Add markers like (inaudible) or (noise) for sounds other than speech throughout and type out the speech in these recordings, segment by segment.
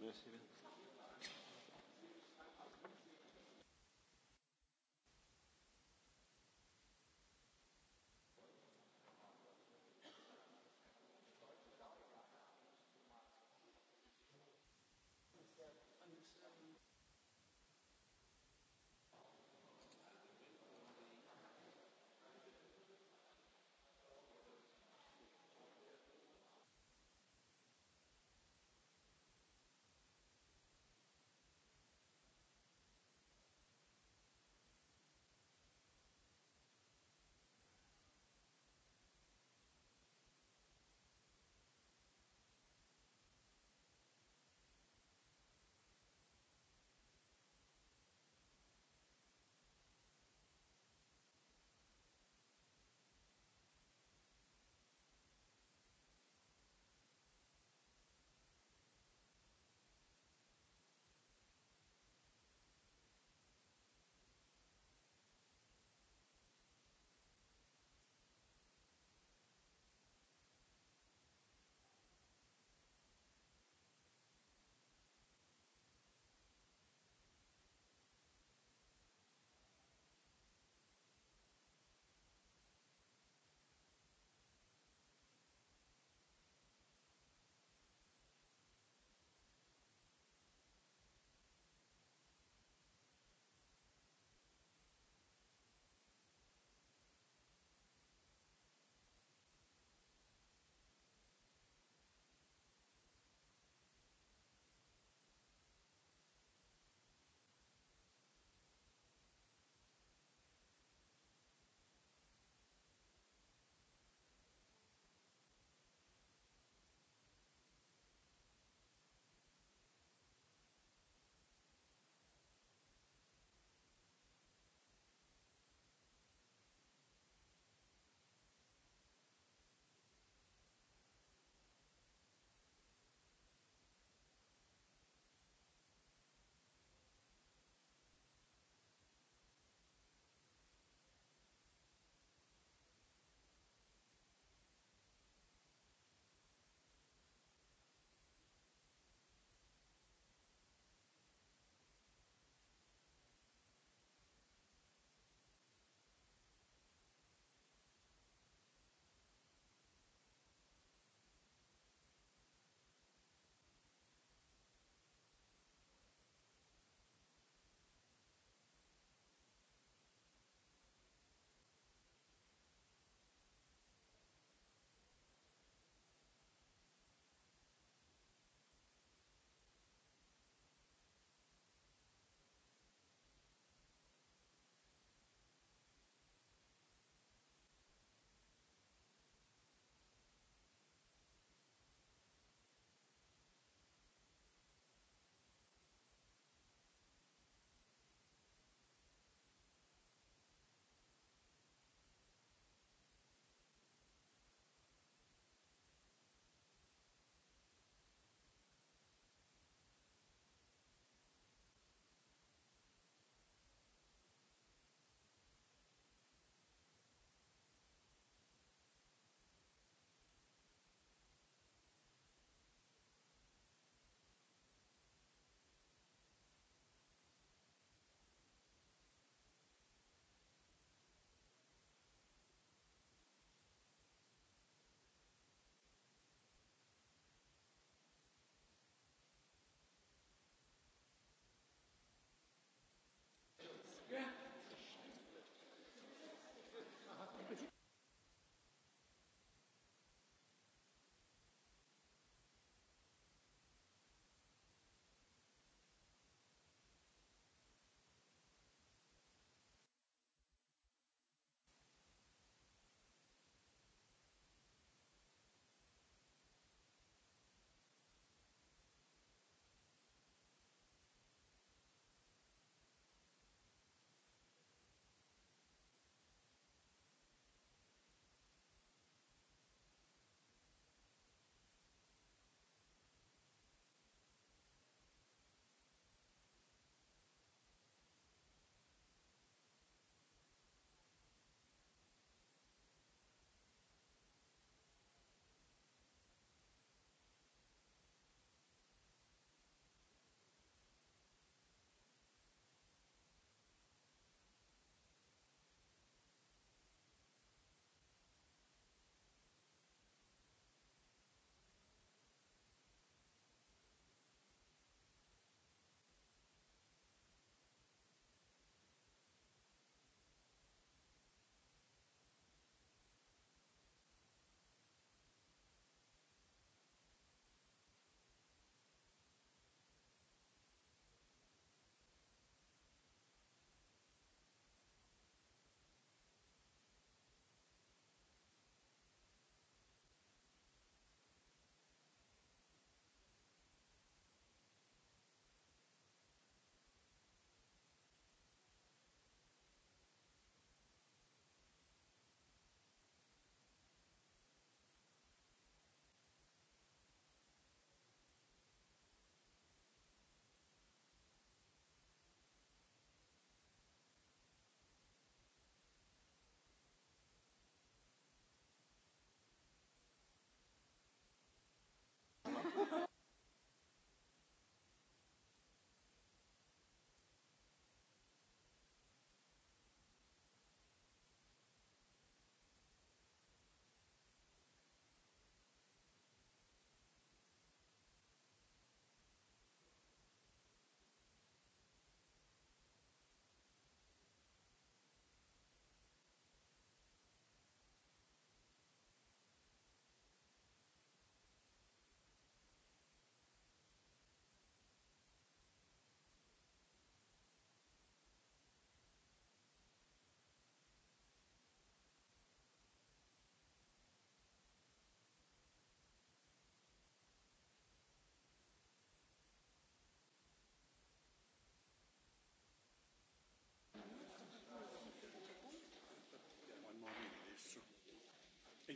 Mulțumesc.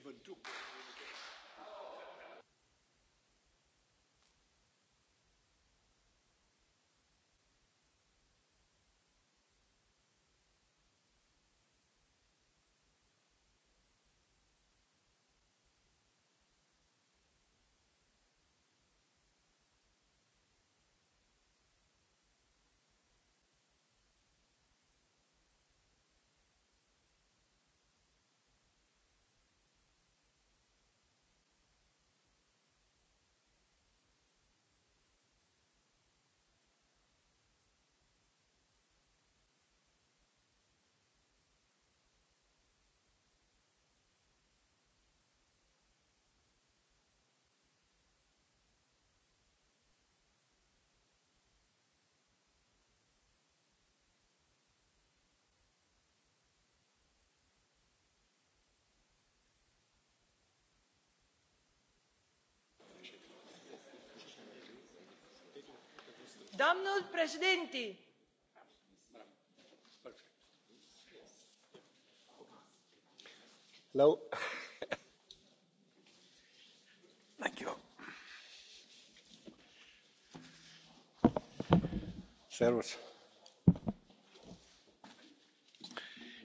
even do. domnul președinte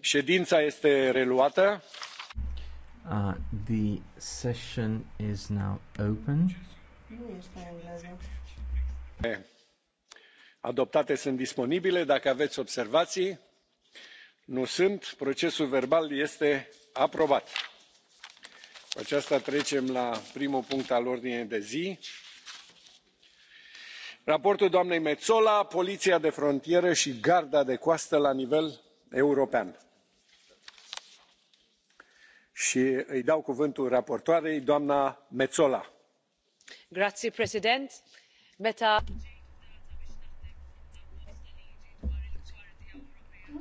ședința este reluată. Uh, the session is now open. Nu este engleză adoptate sunt disponibile dacă aveți observații. nu sunt. procesul verbal este aprobat. cu aceasta trecem la primul punct al ordinii de zi raportul doamnei metsola poliția de frontieră și garda de coastă la nivel european și îi dau cuvântul raportoarei doamna metsola.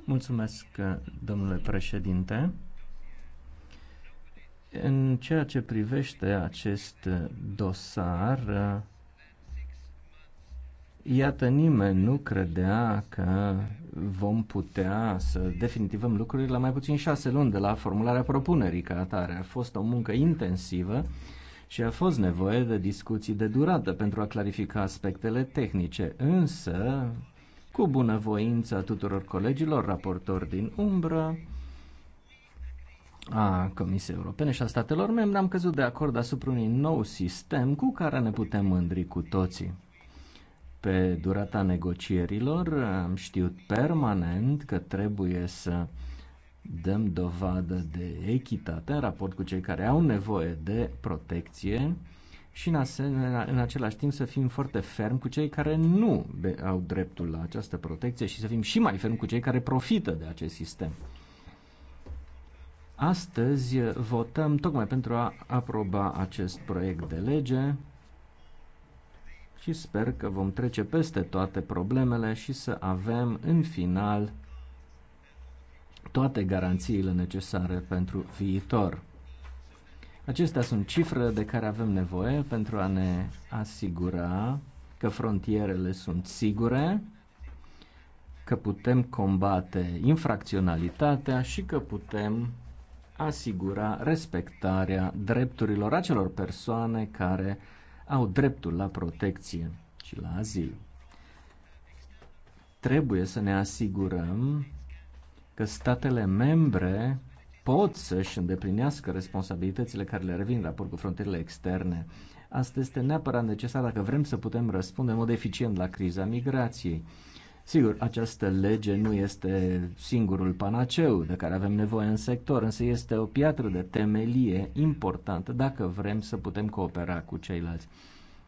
Mulțumesc, domnule președinte. În ceea ce privește acest dosar, iată, nimeni nu credea că vom putea să definitivăm lucrurile la mai puțin șase luni de la formularea propunerii ca atare. A fost o muncă intensivă și a fost nevoie de discuții de durată pentru a clarifica aspectele tehnice, însă cu bunăvoința tuturor colegilor, raportori din umbră, a Comisiei Europene și a statelor membre, am căzut de acord asupra unui nou sistem cu care ne putem mândri cu toții. Pe durata negocierilor am știut permanent că trebuie să dăm dovadă de echitate în raport cu cei care au nevoie de protecție și în, asemenea, în același timp să fim foarte ferm cu cei care nu au dreptul la această protecție și să fim și mai ferm cu cei care profită de acest sistem. Astăzi eh, votăm tocmai pentru a aproba acest proiect de lege și sper că vom trece peste toate problemele și să avem în final toate garanțiile necesare pentru viitor. Acestea sunt cifre de care avem nevoie pentru a ne asigura că frontierele sunt sigure, că putem combate infracționalitatea și că putem asigura respectarea drepturilor acelor persoane care au dreptul la protecție și la azil. Trebuie să ne asigurăm că statele membre pot să-și îndeplinească responsabilitățile care le revin în raport cu frontierele externe. Asta este neapărat necesar dacă vrem să putem răspunde în mod eficient la criza migrației. Sigur, această lege nu este singurul panaceu de care avem nevoie în sector, însă este o piatră de temelie importantă dacă vrem să putem coopera cu ceilalți.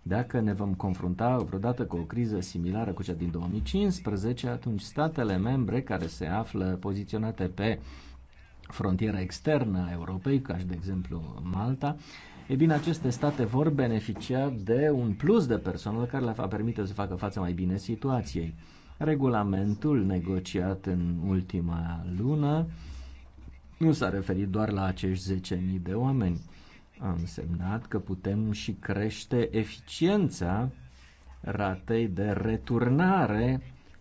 Dacă ne vom confrunta vreodată cu o criză similară cu cea din 2015, atunci statele membre care se află poziționate pe frontiera externă a Europei, ca și de exemplu Malta, e bine, aceste state vor beneficia de un plus de personal care le va permite să facă față mai bine situației. Regulamentul negociat în ultima lună nu s-a referit doar la acești 10.000 de oameni. A însemnat că putem și crește eficiența ratei de returnare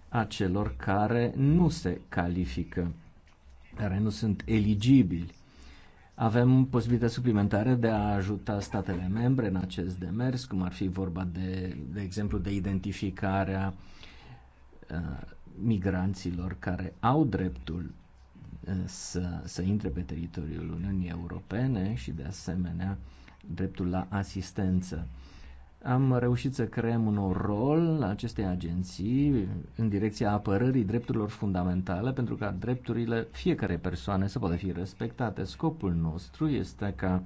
a celor care nu se califică care nu sunt eligibili. Avem posibilitatea suplimentară de a ajuta statele membre în acest demers, cum ar fi vorba de, de exemplu, de identificarea uh, migranților care au dreptul uh, să, să intre pe teritoriul Uniunii Europene și, de asemenea, dreptul la asistență. Uh, am reușit să creăm un nou rol acestei agenții în direcția apărării drepturilor fundamentale pentru ca drepturile fiecarei persoane să poată fi respectate. Scopul nostru este ca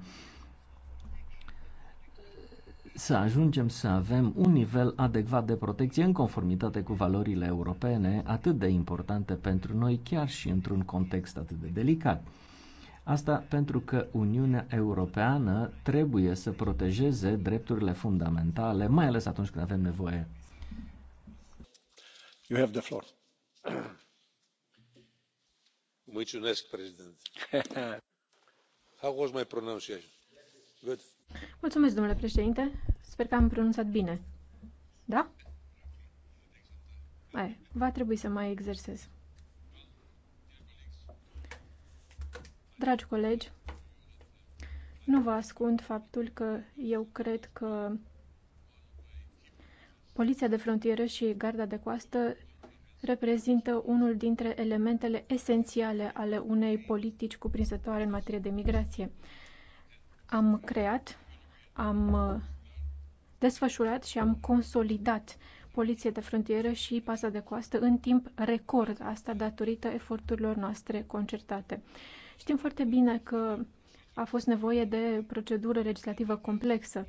să ajungem să avem un nivel adecvat de protecție în conformitate cu valorile europene atât de importante pentru noi chiar și într-un context atât de delicat. Asta pentru că Uniunea Europeană trebuie să protejeze drepturile fundamentale, mai ales atunci când avem nevoie. You have the floor. Mulțumesc, președinte. (laughs) How was my pronunciation? Good. Mulțumesc, domnule președinte. Sper că am pronunțat bine. Da? Aia, va trebui să mai exersez. Dragi colegi, nu vă ascund faptul că eu cred că Poliția de frontieră și Garda de coastă reprezintă unul dintre elementele esențiale ale unei politici cuprinzătoare în materie de migrație. Am creat, am uh, desfășurat și am consolidat poliție de frontieră și Pasa de coastă în timp record, asta datorită eforturilor noastre concertate. Știm foarte bine că a fost nevoie de procedură legislativă complexă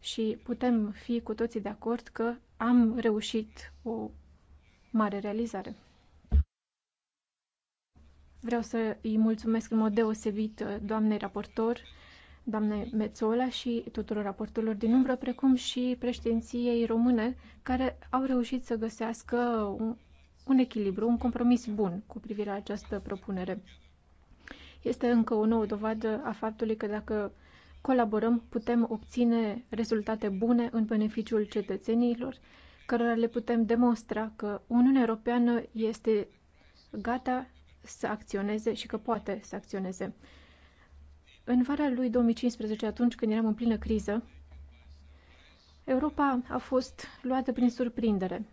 și putem fi cu toții de acord că am reușit o mare realizare. Vreau să îi mulțumesc în mod deosebit uh, doamnei raportor, doamnei Mețola și tuturor raportorilor din umbră, precum și președinției române, care au reușit să găsească un, un echilibru, un compromis bun cu privire la această propunere. Este încă o nouă dovadă a faptului că dacă colaborăm, putem obține rezultate bune în beneficiul cetățenilor, cărora le putem demonstra că Uniunea Europeană este gata să acționeze și că poate să acționeze. În vara lui 2015, atunci când eram în plină criză, Europa a fost luată prin surprindere,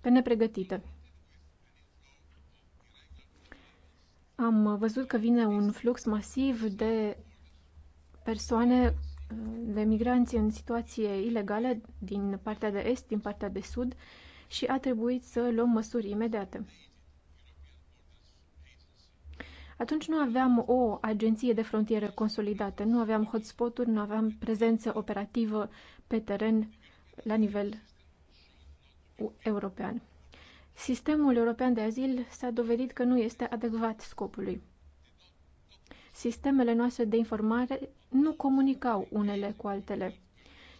pe nepregătită. Am văzut că vine un flux masiv de persoane, de migranți în situație ilegală din partea de est, din partea de sud și a trebuit să luăm măsuri imediate. Atunci nu aveam o agenție de frontieră consolidată, nu aveam hotspot-uri, nu aveam prezență operativă pe teren la nivel european. Sistemul european de azil s-a dovedit că nu este adecvat scopului. Sistemele noastre de informare nu comunicau unele cu altele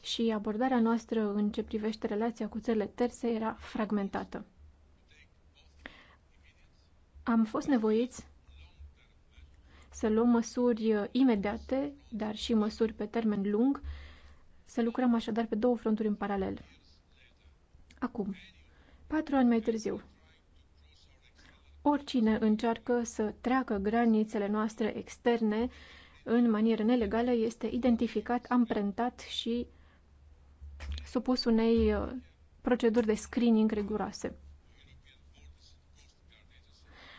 și abordarea noastră în ce privește relația cu țările terțe era fragmentată. Am fost nevoiți să luăm măsuri imediate, dar și măsuri pe termen lung, să lucrăm așadar pe două fronturi în paralel. Acum, Patru ani mai târziu, oricine încearcă să treacă granițele noastre externe în manieră nelegală este identificat, amprentat și supus unei uh, proceduri de screening riguroase.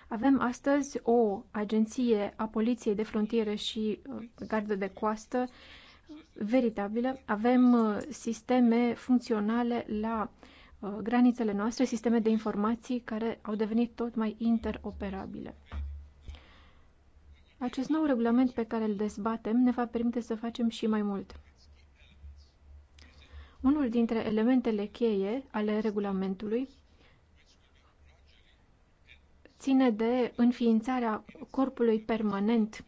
Avem astăzi o agenție a Poliției de Frontiere și uh, Gardă de Coastă uh, veritabilă. Avem sisteme funcționale la uh, Uh, granițele noastre, sisteme de informații care au devenit tot mai interoperabile. Acest nou regulament pe care îl dezbatem ne va permite să facem și mai mult. Unul dintre elementele cheie ale regulamentului ține de înființarea corpului permanent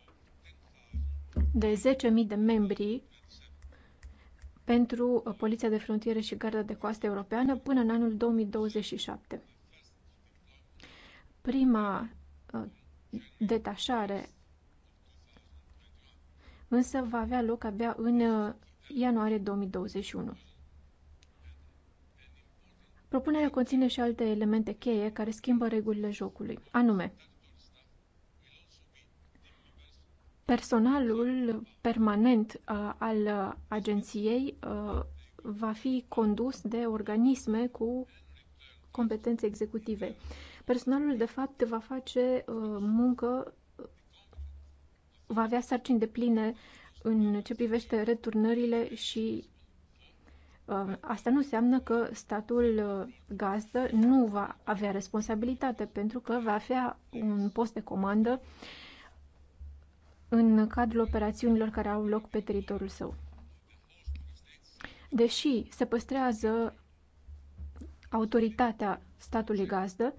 de 10.000 de membri pentru uh, Poliția de Frontieră și Garda de Coastă Europeană până în anul 2027. Prima uh, detașare însă va avea loc abia în uh, ianuarie 2021. Propunerea conține și alte elemente cheie care schimbă regulile jocului, anume Personalul permanent uh, al agenției uh, va fi condus de organisme cu competențe executive. Personalul, de fapt, va face uh, muncă, va avea sarcini de pline în ce privește returnările și asta nu înseamnă că statul gazdă nu va avea responsabilitate pentru că va avea un post de comandă în cadrul operațiunilor care au loc pe teritoriul său. Deși se păstrează autoritatea statului gazdă,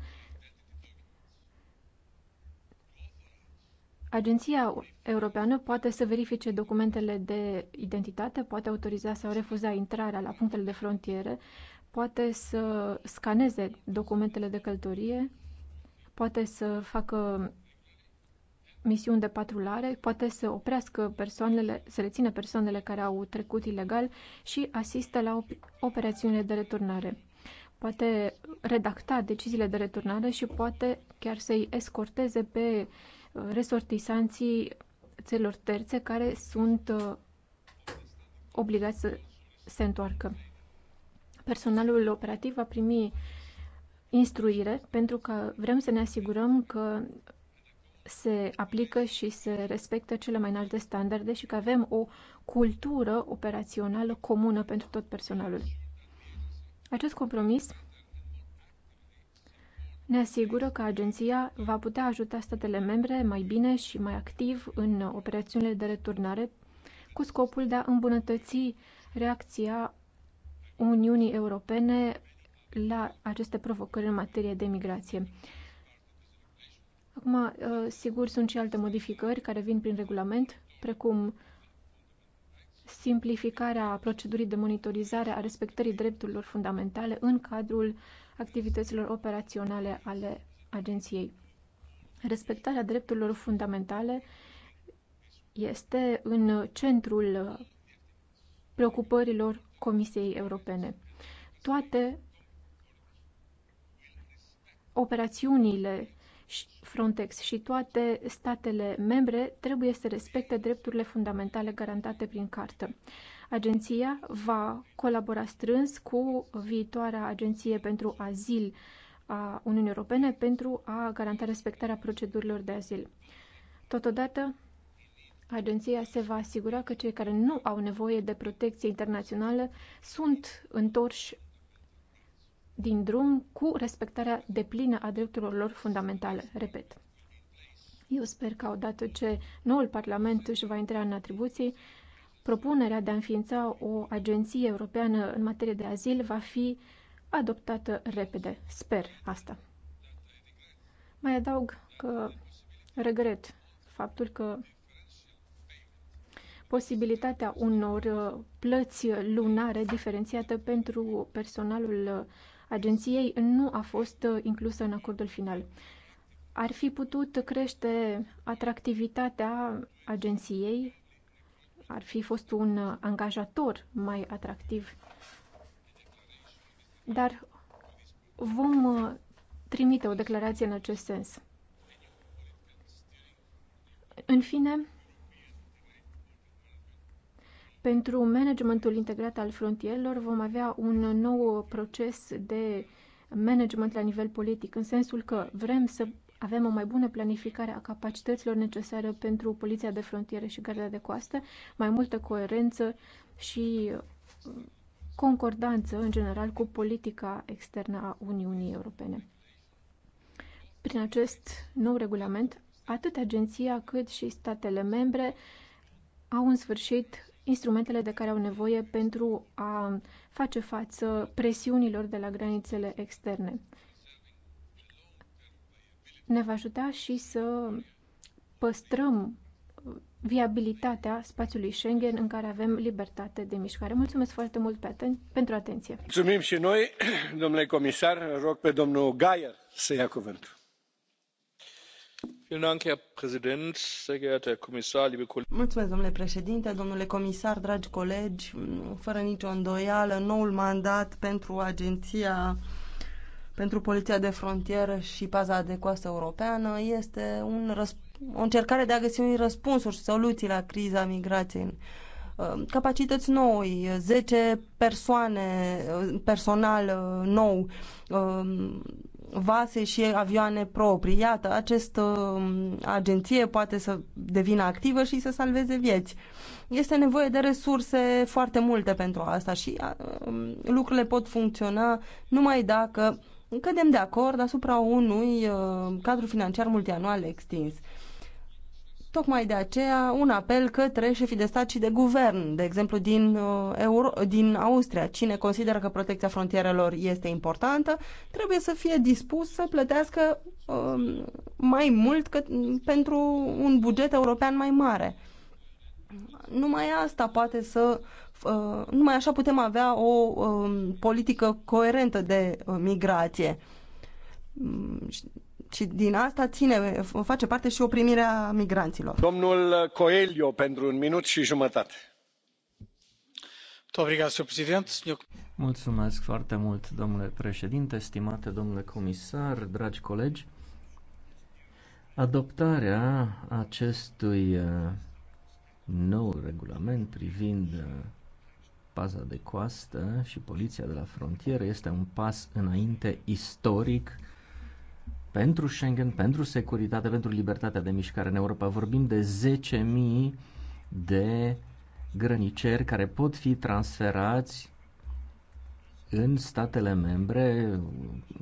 Agenția Europeană poate să verifice documentele de identitate, poate autoriza sau refuza intrarea la punctele de frontiere, poate să scaneze documentele de călătorie, poate să facă misiuni de patrulare, poate să oprească persoanele, să rețină persoanele care au trecut ilegal și asistă la operațiune de returnare. Poate redacta deciziile de returnare și poate chiar să-i escorteze pe uh, resortisanții țărilor terțe care sunt uh, obligați să se întoarcă. Personalul operativ va primi instruire pentru că vrem să ne asigurăm că se aplică și se respectă cele mai înalte standarde și că avem o cultură operațională comună pentru tot personalul. Acest compromis ne asigură că agenția va putea ajuta statele membre mai bine și mai activ în operațiunile de returnare cu scopul de a îmbunătăți reacția Uniunii Europene la aceste provocări în materie de migrație. Acum, uh, sigur, sunt și alte modificări care vin prin regulament, precum simplificarea procedurii de monitorizare a respectării drepturilor fundamentale în cadrul activităților operaționale ale agenției. Respectarea drepturilor fundamentale este în centrul preocupărilor Comisiei Europene. Toate operațiunile Frontex și toate statele membre trebuie să respecte drepturile fundamentale garantate prin cartă. Agenția va colabora strâns cu viitoarea Agenție pentru Azil a Uniunii Europene pentru a garanta respectarea procedurilor de azil. Totodată, agenția se va asigura că cei care nu au nevoie de protecție internațională sunt întorși din drum cu respectarea deplină a drepturilor lor fundamentale. Repet. Eu sper că odată ce noul Parlament își va intra în atribuții, propunerea de a înființa o agenție europeană în materie de azil va fi adoptată repede. Sper asta. Mai adaug că regret faptul că posibilitatea unor plăți lunare diferențiate pentru personalul agenției nu a fost uh, inclusă în acordul final. Ar fi putut crește atractivitatea agenției, ar fi fost un uh, angajator mai atractiv. Dar vom uh, trimite o declarație în acest sens. În fine, pentru managementul integrat al frontierelor vom avea un nou proces de management la nivel politic, în sensul că vrem să avem o mai bună planificare a capacităților necesare pentru poliția de frontiere și garda de coastă, mai multă coerență și concordanță în general cu politica externă a Uniunii Europene. Prin acest nou regulament, atât agenția cât și statele membre au în sfârșit instrumentele de care au nevoie pentru a face față presiunilor de la granițele externe. Ne va ajuta și să păstrăm viabilitatea spațiului Schengen în care avem libertate de mișcare. Mulțumesc foarte mult pe aten- pentru atenție. Mulțumim și noi, domnule comisar. Rog pe domnul Gaier să ia cuvântul Mulțumesc, domnule președinte, domnule comisar, dragi colegi. Fără nicio îndoială, noul mandat pentru Agenția pentru Poliția de Frontieră și Paza de Coastă Europeană este un o încercare de a găsi un răspunsuri și soluții la criza migrației uh, capacități noi, 10 persoane, uh, personal uh, nou, vase și avioane proprii. Iată, această uh, agenție poate să devină activă și să salveze vieți. Este nevoie de resurse foarte multe pentru asta și uh, um, lucrurile pot funcționa numai dacă cădem de acord asupra unui uh, cadru financiar multianual extins. Tocmai de aceea un apel către șefii de stat și de guvern, de exemplu din, uh, Euro- din Austria. Cine consideră că protecția frontierelor este importantă, trebuie să fie dispus să plătească uh, mai mult cât pentru un buget european mai mare. Numai asta poate să. Uh, numai așa putem avea o uh, politică coerentă de uh, migrație. Mm, și din asta ține, face parte și oprimirea migranților. Domnul Coelho, pentru un minut și jumătate. Mulțumesc foarte mult, domnule președinte, stimate domnule comisar, dragi colegi. Adoptarea acestui uh, nou regulament privind uh, paza de coastă și poliția de la frontieră este un pas înainte istoric pentru Schengen, pentru securitate, pentru libertatea de mișcare în Europa. Vorbim de 10.000 de grăniceri care pot fi transferați în statele membre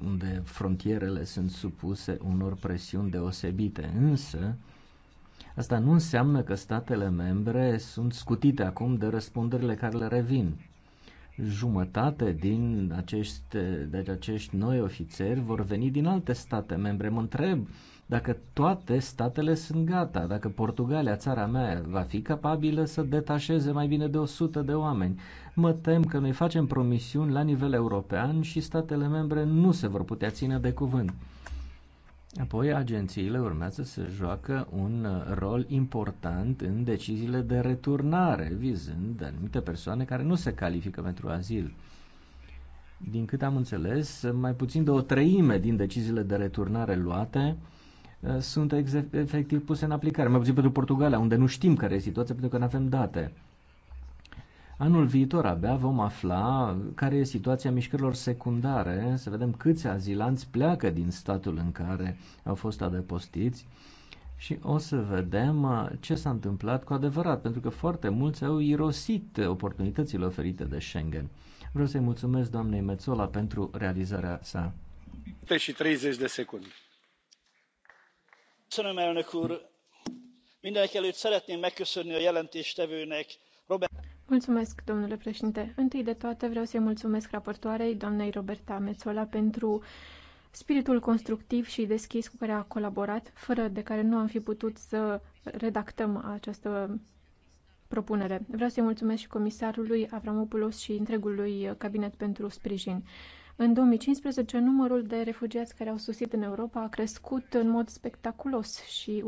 unde frontierele sunt supuse unor presiuni deosebite, însă asta nu înseamnă că statele membre sunt scutite acum de răspunderile care le revin jumătate din acești, deci acești noi ofițeri vor veni din alte state membre. Mă întreb dacă toate statele sunt gata, dacă Portugalia, țara mea, va fi capabilă să detașeze mai bine de 100 de oameni. Mă tem că noi facem promisiuni la nivel european și statele membre nu se vor putea ține de cuvânt. Apoi, agențiile urmează să joacă un uh, rol important în deciziile de returnare, vizând anumite persoane care nu se califică pentru azil. Din cât am înțeles, mai puțin de o treime din deciziile de returnare luate uh, sunt efectiv puse în aplicare, mai puțin pentru Portugalia, unde nu știm care e situația pentru că nu avem date. Anul viitor abia vom afla care e situația mișcărilor secundare, să vedem câți azilanți pleacă din statul în care au fost adăpostiți și o să vedem uh, ce s-a întâmplat cu adevărat, pentru că foarte mulți au irosit oportunitățile oferite de Schengen. Vreau să-i mulțumesc doamnei Mețola pentru realizarea sa. și 30 de secunde. Köszönöm, elnök úr! Mindenek előtt szeretném megköszönni a jelentéstevőnek, Robert... Mulțumesc, domnule președinte. Întâi de toate vreau să-i mulțumesc raportoarei, doamnei Roberta Mețola, pentru spiritul constructiv și deschis cu care a colaborat, fără de care nu am fi putut să redactăm această propunere. Vreau să-i mulțumesc și comisarului Avramopoulos și întregului cabinet pentru sprijin. În 2015, numărul de refugiați care au sosit în Europa a crescut în mod spectaculos și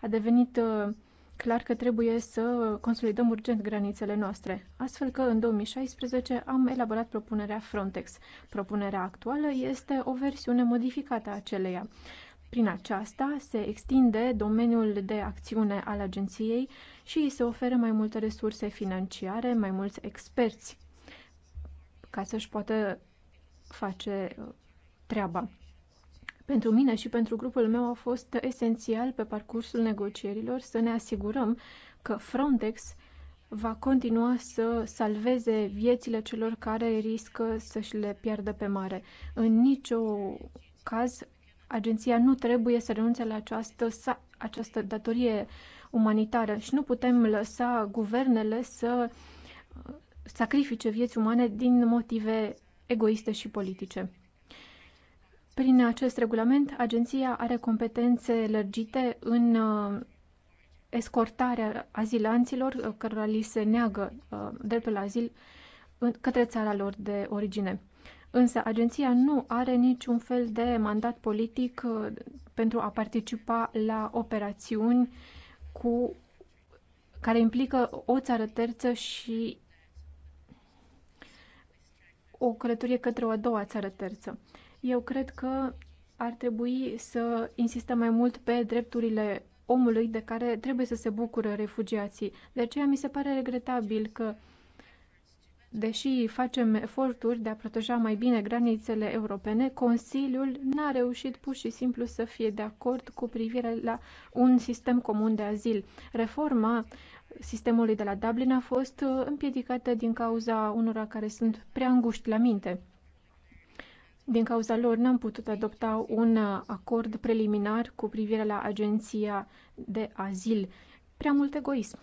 a devenit uh, clar că trebuie să consolidăm urgent granițele noastre, astfel că în 2016 am elaborat propunerea Frontex. Propunerea actuală este o versiune modificată a aceleia. Prin aceasta se extinde domeniul de acțiune al agenției și îi se oferă mai multe resurse financiare, mai mulți experți ca să-și poată face uh, treaba. Pentru mine și pentru grupul meu a fost esențial pe parcursul negocierilor să ne asigurăm că Frontex va continua să salveze viețile celor care riscă să-și le piardă pe mare. În niciun caz, agenția nu trebuie să renunțe la această, această datorie umanitară și nu putem lăsa guvernele să uh, sacrifice vieți umane din motive egoiste și politice. Prin acest regulament, agenția are competențe lărgite în uh, escortarea azilanților uh, cărora li se neagă uh, dreptul la azil către țara lor de origine. Însă agenția nu are niciun fel de mandat politic pentru a participa la operațiuni cu care implică o țară terță și o călătorie către o a doua țară terță. Eu cred că ar trebui să insistăm mai mult pe drepturile omului de care trebuie să se bucură refugiații. De aceea mi se pare regretabil că, deși facem eforturi de a proteja mai bine granițele europene, Consiliul n-a reușit pur și simplu să fie de acord cu privire la un sistem comun de azil. Reforma sistemului de la Dublin a fost uh, împiedicată din cauza unora care sunt prea înguști la minte. Din cauza lor n-am putut adopta un uh, acord preliminar cu privire la agenția de azil. Prea mult egoism.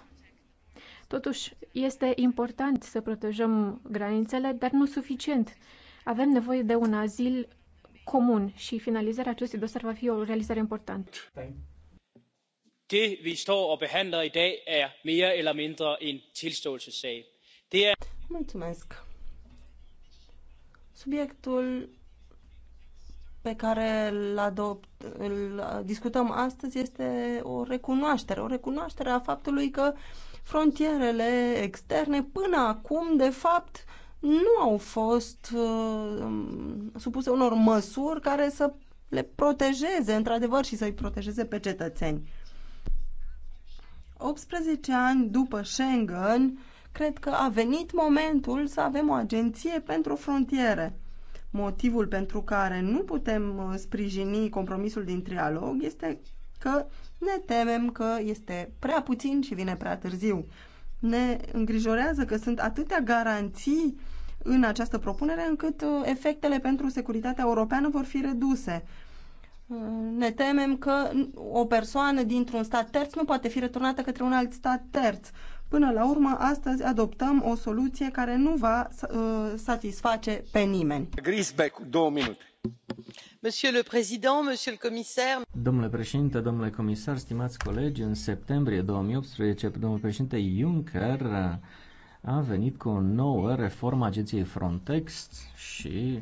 Totuși, este important să protejăm granițele, dar nu suficient. Avem nevoie de un azil comun și finalizarea acestui dosar va fi o realizare importantă. Er er- Mulțumesc. Subiectul pe care îl, adopt, îl discutăm astăzi este o recunoaștere, o recunoaștere a faptului că frontierele externe până acum, de fapt, nu au fost uh, supuse unor măsuri care să le protejeze, într-adevăr, și să-i protejeze pe cetățeni. 18 ani după Schengen, cred că a venit momentul să avem o agenție pentru frontiere Motivul pentru care nu putem uh, sprijini compromisul din trialog este că ne temem că este prea puțin și vine prea târziu. Ne îngrijorează că sunt atâtea garanții în această propunere încât uh, efectele pentru securitatea europeană vor fi reduse. Uh, ne temem că o persoană dintr-un stat terț nu poate fi returnată către un alt stat terț. Până la urmă, astăzi adoptăm o soluție care nu va uh, satisface pe nimeni. Grisbeck, două minute. Monsieur le Président, Monsieur le Commissaire. Domnule președinte, domnule comisar, stimați colegi, în septembrie 2018, domnul președinte Juncker a venit cu o nouă reformă a agenției Frontex și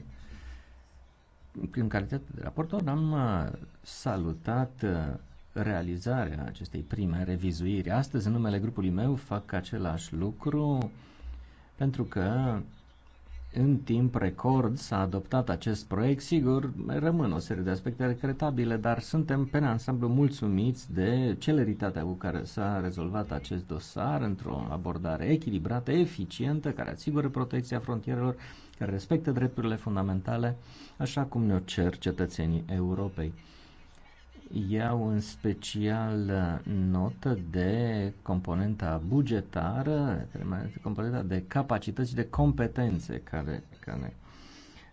în calitate de raportor am salutat realizarea acestei prime revizuiri. Astăzi, în numele grupului meu, fac același lucru pentru că în timp record s-a adoptat acest proiect. Sigur, rămân o serie de aspecte regretabile, dar suntem pe ansamblu mulțumiți de celeritatea cu care s-a rezolvat acest dosar într-o abordare echilibrată, eficientă, care asigură protecția frontierelor, care respectă drepturile fundamentale, așa cum ne-o cer cetățenii Europei. Iau în special notă de componenta bugetară, componenta de capacități și de competențe care, care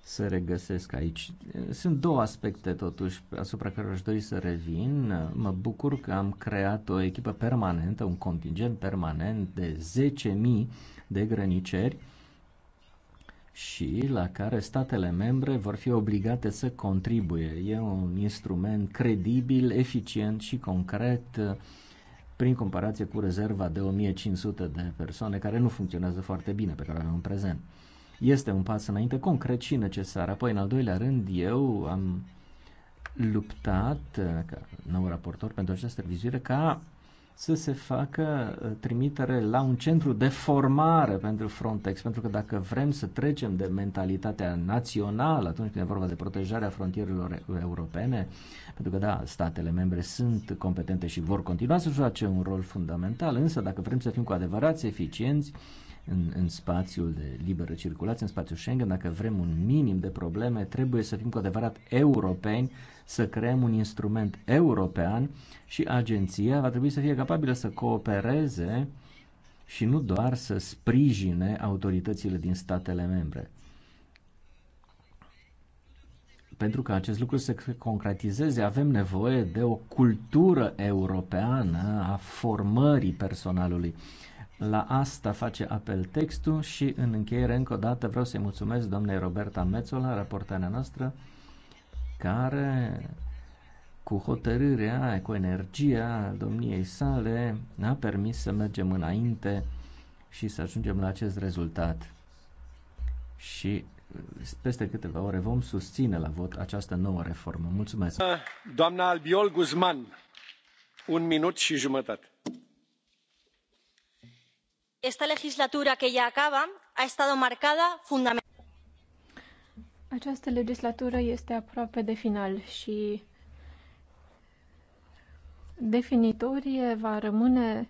se regăsesc aici. Sunt două aspecte, totuși, asupra care aș dori să revin. Mă bucur că am creat o echipă permanentă, un contingent permanent de 10.000 de grăniceri și la care statele membre vor fi obligate să contribuie. E un instrument credibil, eficient și concret uh, prin comparație cu rezerva de 1500 de persoane care nu funcționează foarte bine pe care o avem în prezent. Este un pas înainte concret și necesar. Apoi, în al doilea rând, eu am luptat uh, ca nou raportor pentru această revizuire ca să se facă uh, trimitere la un centru de formare pentru Frontex, pentru că dacă vrem să trecem de mentalitatea națională atunci când e vorba de protejarea frontierelor europene, pentru că da, statele membre sunt competente și vor continua să joace un rol fundamental, însă dacă vrem să fim cu adevărat eficienți, în, în spațiul de liberă circulație, în spațiul Schengen, dacă vrem un minim de probleme, trebuie să fim cu adevărat europeni să creăm un instrument european și agenția va trebui să fie capabilă să coopereze și nu doar să sprijine autoritățile din statele membre. Pentru că acest lucru să se concretizeze, avem nevoie de o cultură europeană a formării personalului. La asta face apel textul și în încheiere încă o dată vreau să-i mulțumesc doamnei Roberta Mețola, raportarea noastră, care cu hotărârea, cu energia domniei sale, ne-a permis să mergem înainte și să ajungem la acest rezultat. Și uh, peste câteva ore vom susține la vot această nouă reformă. Mulțumesc! Uh, doamna Albiol Guzman, un minut și jumătate. Esta legislatura que ya acaba ha estado marcada fundamentalmente această legislatură este aproape de final și definitorie va rămâne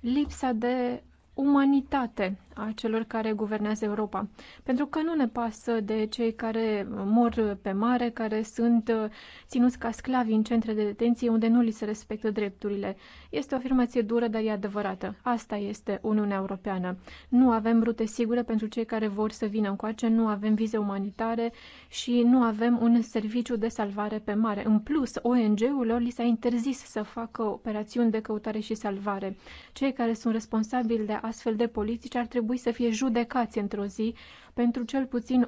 lipsa de umanitate a celor care guvernează Europa. Pentru că nu ne pasă de cei care mor pe mare, care sunt uh, ținuți ca sclavi în centre de detenție unde nu li se respectă drepturile. Este o afirmație dură, dar e adevărată. Asta este Uniunea Europeană. Nu avem rute sigure pentru cei care vor să vină încoace, nu avem vize umanitare și nu avem un serviciu de salvare pe mare. În plus, ONG-urilor li s-a interzis să facă operațiuni de căutare și salvare. Cei care sunt responsabili de astfel de politici ar trebui să fie judecați într-o zi pentru cel puțin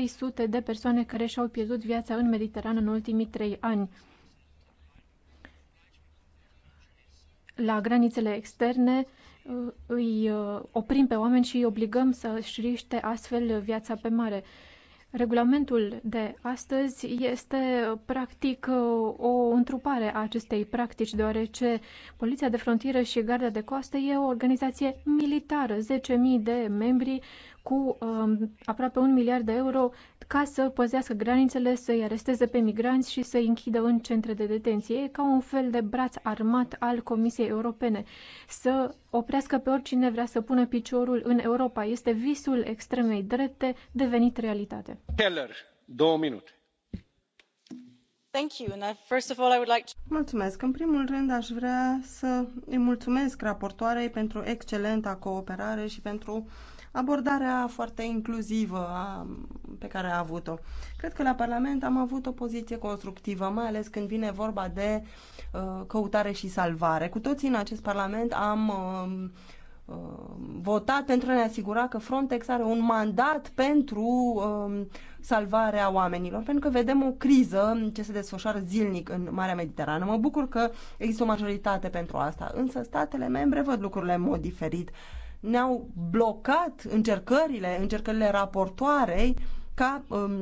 18.300 de persoane care și-au pierdut viața în Mediterană în ultimii trei ani. La granițele externe uh, îi uh, oprim pe oameni și îi obligăm să-și riște astfel viața pe mare. Regulamentul de astăzi este practic o întrupare a acestei practici, deoarece Poliția de Frontieră și Garda de Coastă e o organizație militară, 10.000 de membri cu um, aproape un miliard de euro ca să păzească granițele, să-i aresteze pe migranți și să-i închidă în centre de detenție. E ca un fel de braț armat al Comisiei Europene, să oprească pe oricine vrea să pună piciorul în Europa. Este visul extremei drepte devenit realitate. Keller, două minute. Mulțumesc. În primul rând aș vrea să îi mulțumesc raportoarei pentru excelenta cooperare și pentru abordarea foarte inclusivă a, pe care a avut-o. Cred că la Parlament am avut o poziție constructivă, mai ales când vine vorba de uh, căutare și salvare. Cu toții în acest Parlament am uh, uh, votat pentru a ne asigura că Frontex are un mandat pentru uh, salvarea oamenilor, pentru că vedem o criză ce se desfășoară zilnic în Marea Mediterană. Mă bucur că există o majoritate pentru asta, însă statele membre văd lucrurile în mod diferit. Uh, ne-au blocat încercările, încercările raportoarei ca um,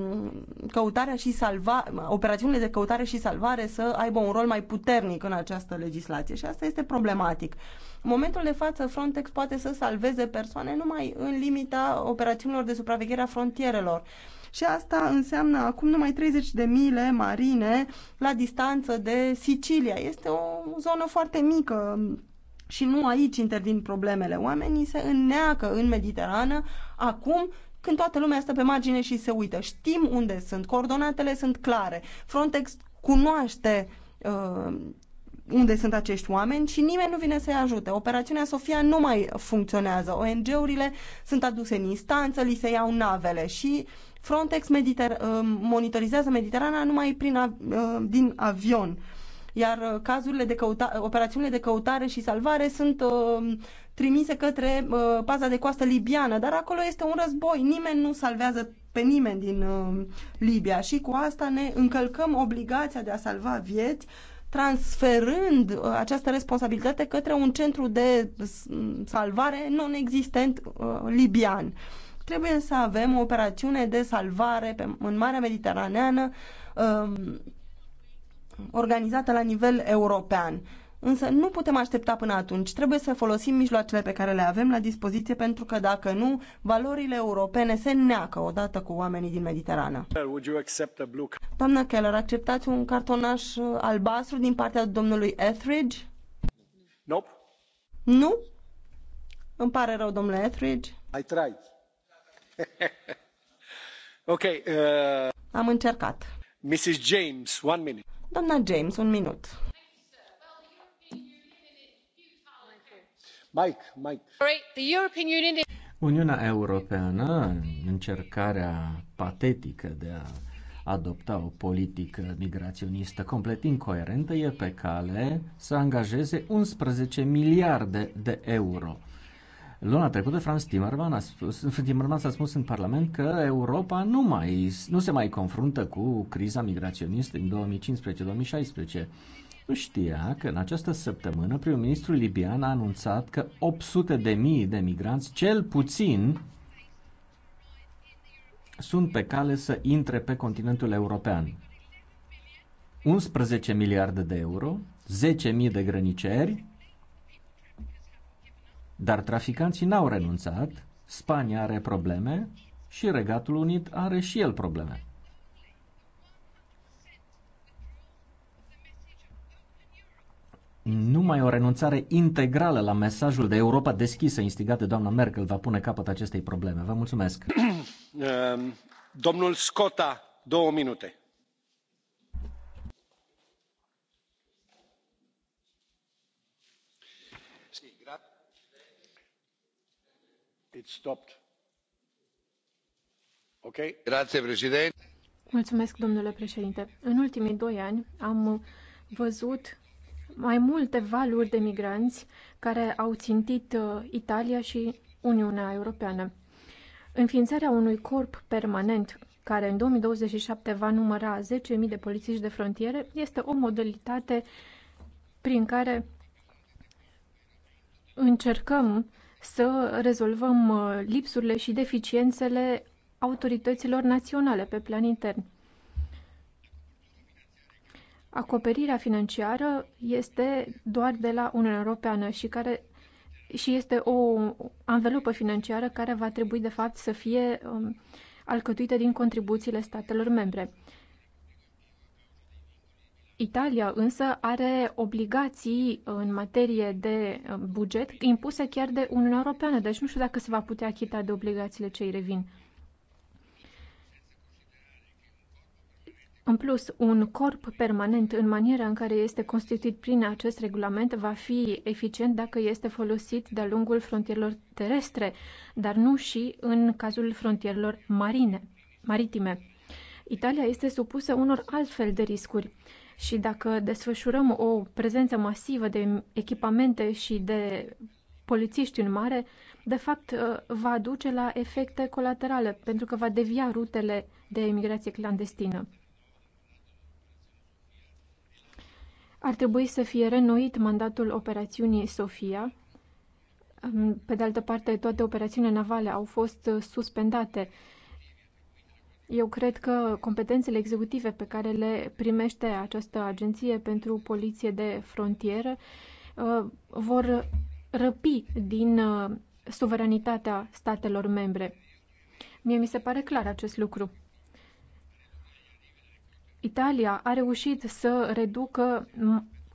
căutarea și salva, operațiunile de căutare și salvare să aibă un rol mai puternic în această legislație și asta este problematic. În momentul de față, Frontex poate să salveze persoane numai în limita operațiunilor de supraveghere a frontierelor. Și asta înseamnă acum numai 30 de mile marine la distanță de Sicilia. Este o zonă foarte mică și nu aici intervin problemele. Oamenii se înneacă în Mediterană acum când toată lumea stă pe margine și se uită. Știm unde sunt, coordonatele sunt clare. Frontex cunoaște uh, unde sunt acești oameni și nimeni nu vine să-i ajute. Operațiunea Sofia nu mai funcționează. ONG-urile sunt aduse în instanță, li se iau navele și Frontex mediter- uh, monitorizează Mediterana numai prin av- uh, din avion. Uh, iar uh, cazurile de căuta, operațiunile de căutare și salvare sunt uh, trimise către uh, paza de coastă libiană, dar acolo este un război, nimeni nu salvează pe nimeni din uh, Libia și cu asta ne încălcăm obligația de a salva vieți transferând uh, această responsabilitate către un centru de salvare non-existent uh, libian. Trebuie să avem o operațiune de salvare pe, în Marea Mediteraneană uh, organizată la nivel european. Însă nu putem aștepta până atunci. Trebuie să folosim mijloacele pe care le avem la dispoziție pentru că dacă nu, valorile europene se neacă odată cu oamenii din Mediterană. Doamna Keller, acceptați un cartonaș albastru din partea domnului Etheridge? Nope. Nu? Îmi pare rău, domnule Etheridge. I tried. (laughs) ok. Uh... Am încercat. Mrs. James, one minute Doamna James, un minut. Mike, Mike. Uniunea Europeană, în încercarea patetică de a adopta o politică migraționistă complet incoerentă, e pe cale să angajeze 11 miliarde de euro Luna trecută, Franz Timmermans a spus, Timmermans a spus în Parlament că Europa nu, mai, nu se mai confruntă cu criza migraționistă din 2015-2016. Nu știa că în această săptămână prim-ministrul libian a anunțat că 800 de mii de migranți, cel puțin, sunt pe cale să intre pe continentul european. 11 miliarde de euro, 10.000 de grăniceri, dar traficanții n-au renunțat, Spania are probleme și Regatul Unit are și el probleme. Numai o renunțare integrală la mesajul de Europa deschisă instigat de doamna Merkel va pune capăt acestei probleme. Vă mulțumesc. Ehm, domnul Scotta, două minute Mulțumesc, domnule președinte în ultimii doi ani am văzut mai multe valuri de migranți care au țintit uh, italia și uniunea europeană. înființarea unui corp permanent care în 2027 va număra 10.000 de polițiști de frontieră, este o modalitate prin care încercăm să rezolvăm uh, lipsurile și deficiențele autorităților naționale pe plan intern. Acoperirea financiară este doar de la Uniunea Europeană și, care, și este o anvelopă financiară care va trebui, de fapt, să fie um, alcătuită din contribuțiile statelor membre. Italia însă are obligații în materie de uh, buget impuse chiar de Uniunea Europeană, deci nu știu dacă se va putea achita de obligațiile ce îi revin. În plus, un corp permanent în maniera în care este constituit prin acest regulament va fi eficient dacă este folosit de-a lungul frontierelor terestre, dar nu și în cazul frontierelor marine, maritime. Italia este supusă unor altfel de riscuri. Și dacă desfășurăm o prezență masivă de echipamente și de polițiști în mare, de fapt uh, va duce la efecte colaterale, pentru că va devia rutele de emigrație clandestină. Ar trebui să fie renoit mandatul operațiunii Sofia. Um, pe de altă parte, toate operațiunile navale au fost uh, suspendate eu cred că competențele executive pe care le primește această agenție pentru poliție de frontieră uh, vor răpi din uh, suveranitatea statelor membre. Mie mi se pare clar acest lucru. Italia a reușit să reducă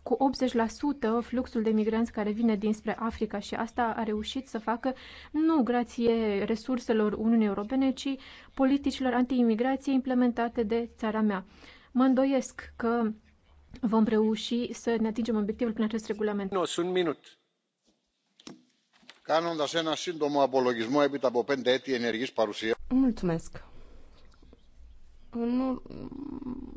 cu 80% fluxul de migranți care vine dinspre Africa și asta a reușit să facă nu grație resurselor Uniunii Europene, ci politicilor anti-imigrație implementate de țara mea. Mă îndoiesc că vom reuși să ne atingem obiectivul prin acest regulament. Nu sunt minut. Κάνοντας ένα σύντομο απολογισμό έπειτα από πέντε έτη Mulțumesc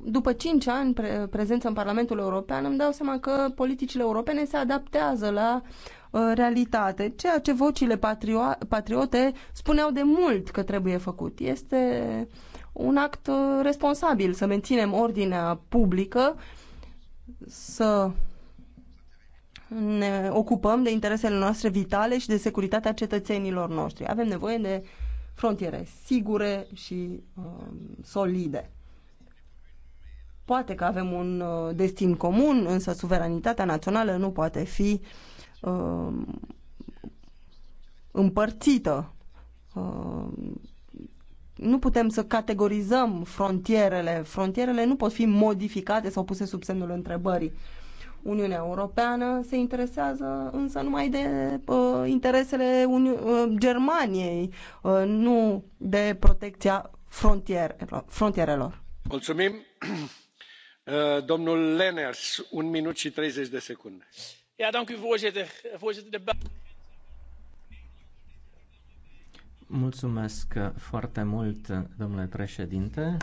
după cinci ani pre- prezență în Parlamentul European, îmi dau seama că politicile europene se adaptează la uh, realitate, ceea ce vocile patrio- patriote spuneau de mult că trebuie făcut. Este un act uh, responsabil să menținem ordinea publică, să ne ocupăm de interesele noastre vitale și de securitatea cetățenilor noștri. Avem nevoie de frontiere sigure și uh, solide. Poate că avem un uh, destin comun, însă suveranitatea națională nu poate fi uh, împărțită. Uh, nu putem să categorizăm frontierele. Frontierele nu pot fi modificate sau puse sub semnul întrebării. Uniunea Europeană se interesează însă numai de uh, interesele Uni- uh, Germaniei, uh, nu de protecția frontier- frontierelor. Mulțumim voorzitter de. mulțumesc foarte mult domnule președinte.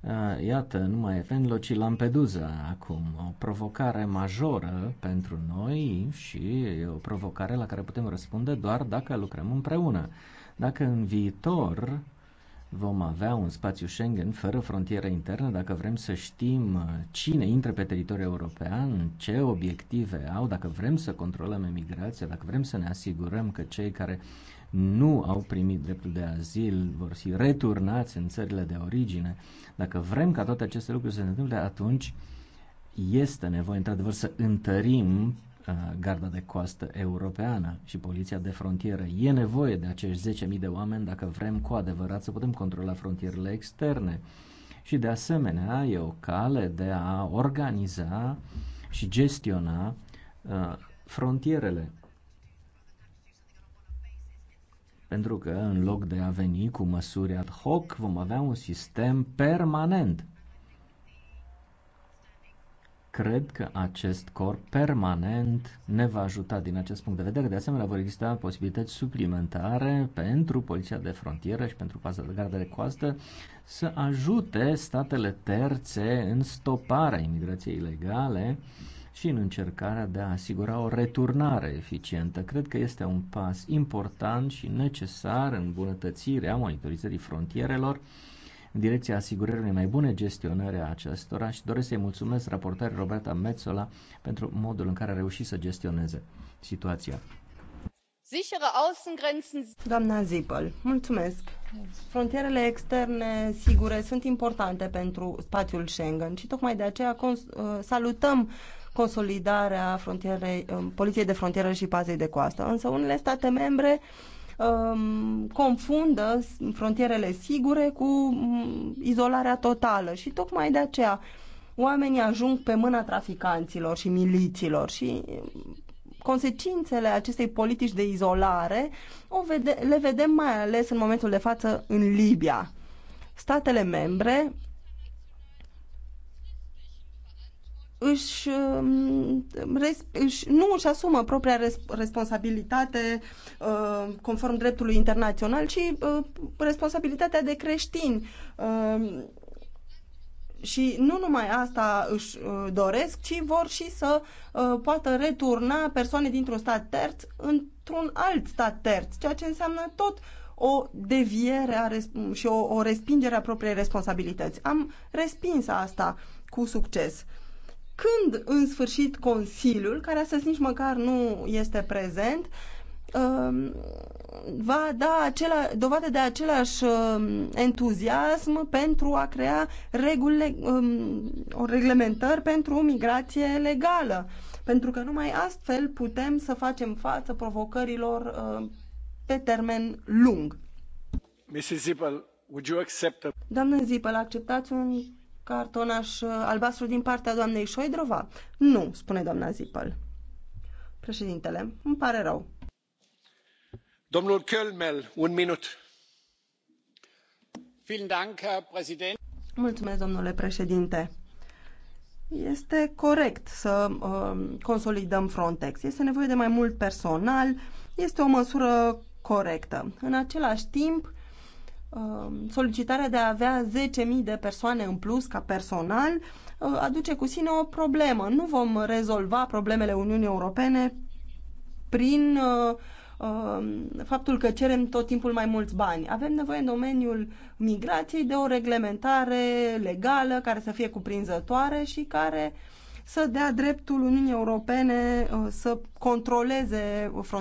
Uh, iată, nu mai Venlo, ci Lampedusa acum. O provocare majoră pentru noi și e o provocare la care putem răspunde doar dacă lucrăm împreună. Dacă în viitor vom avea un spațiu Schengen fără frontieră internă dacă vrem să știm uh, cine intră pe teritoriul european, ce obiective au, dacă vrem să controlăm emigrația, dacă vrem să ne asigurăm că cei care nu au primit dreptul de azil vor fi returnați în țările de origine, dacă vrem ca toate aceste lucruri să se întâmple, atunci este nevoie, într-adevăr, să întărim Uh, garda de coastă europeană și poliția de frontieră. E nevoie de acești 10.000 de oameni dacă vrem cu adevărat să putem controla frontierele externe. Și de asemenea e o cale de a organiza și gestiona uh, frontierele. Pentru că în loc de a veni cu măsuri ad hoc, vom avea un sistem permanent Cred că acest corp permanent ne va ajuta din acest punct de vedere. De asemenea, vor exista posibilități suplimentare pentru Poliția de Frontieră și pentru Paza de Gardă de Coastă să ajute statele terțe în stoparea imigrației ilegale și în încercarea de a asigura o returnare eficientă. Cred că este un pas important și necesar în bunătățirea monitorizării frontierelor în direcția asigurării unei mai bune gestionări a acestora și doresc să-i mulțumesc raportării Roberta Metzola pentru modul în care a reușit să gestioneze situația. Doamna Zipăl, mulțumesc. Frontierele externe sigure sunt importante pentru spațiul Schengen și tocmai de aceea cons uh, salutăm consolidarea frontierei, um, Poliției de Frontieră și Pazei de Coastă. Însă unele state membre uh, um, confundă frontierele sigure cu um, izolarea totală și tocmai de aceea oamenii ajung pe mâna traficanților și miliților și um, consecințele acestei politici de izolare o vede, le vedem mai ales în momentul de față în Libia. Statele membre își, um, își, nu își asumă propria responsabilitate uh, conform dreptului internațional, ci uh, responsabilitatea de creștini. Um, și nu numai asta își uh, doresc, ci vor și să poată returna persoane dintr-un stat terț într-un alt stat terț, ceea ce înseamnă tot o deviere a și o, o respingere a propriei responsabilități. Am respins asta cu succes când în sfârșit Consiliul, care astăzi nici măcar nu este prezent, um, va da acela, dovadă de același um, entuziasm pentru a crea reguli, um, o reglementări pentru migrație legală. Pentru că numai astfel putem să facem față provocărilor pe termen lung. Mrs. Zippel, would you accept a... Doamnă Zipel, acceptați un cartonaș uh, albastru din partea doamnei Șoidrova? Nu, spune doamna Zipăl. Președintele, îmi pare rău. Domnul Kölmel, un minut. Mulțumesc, domnule președinte. Este corect să uh, consolidăm Frontex. Este nevoie de mai mult personal, este o măsură corectă. În același timp, Um, solicitarea de a avea 10.000 de persoane în plus ca personal uh, aduce cu sine o problemă. Nu vom rezolva problemele Uniunii Europene prin uh, um, faptul că cerem tot timpul mai mulți bani. Avem nevoie în domeniul migrației de o reglementare legală care să fie cuprinzătoare și care să dea dreptul Uniunii Europene uh, să controleze frontierele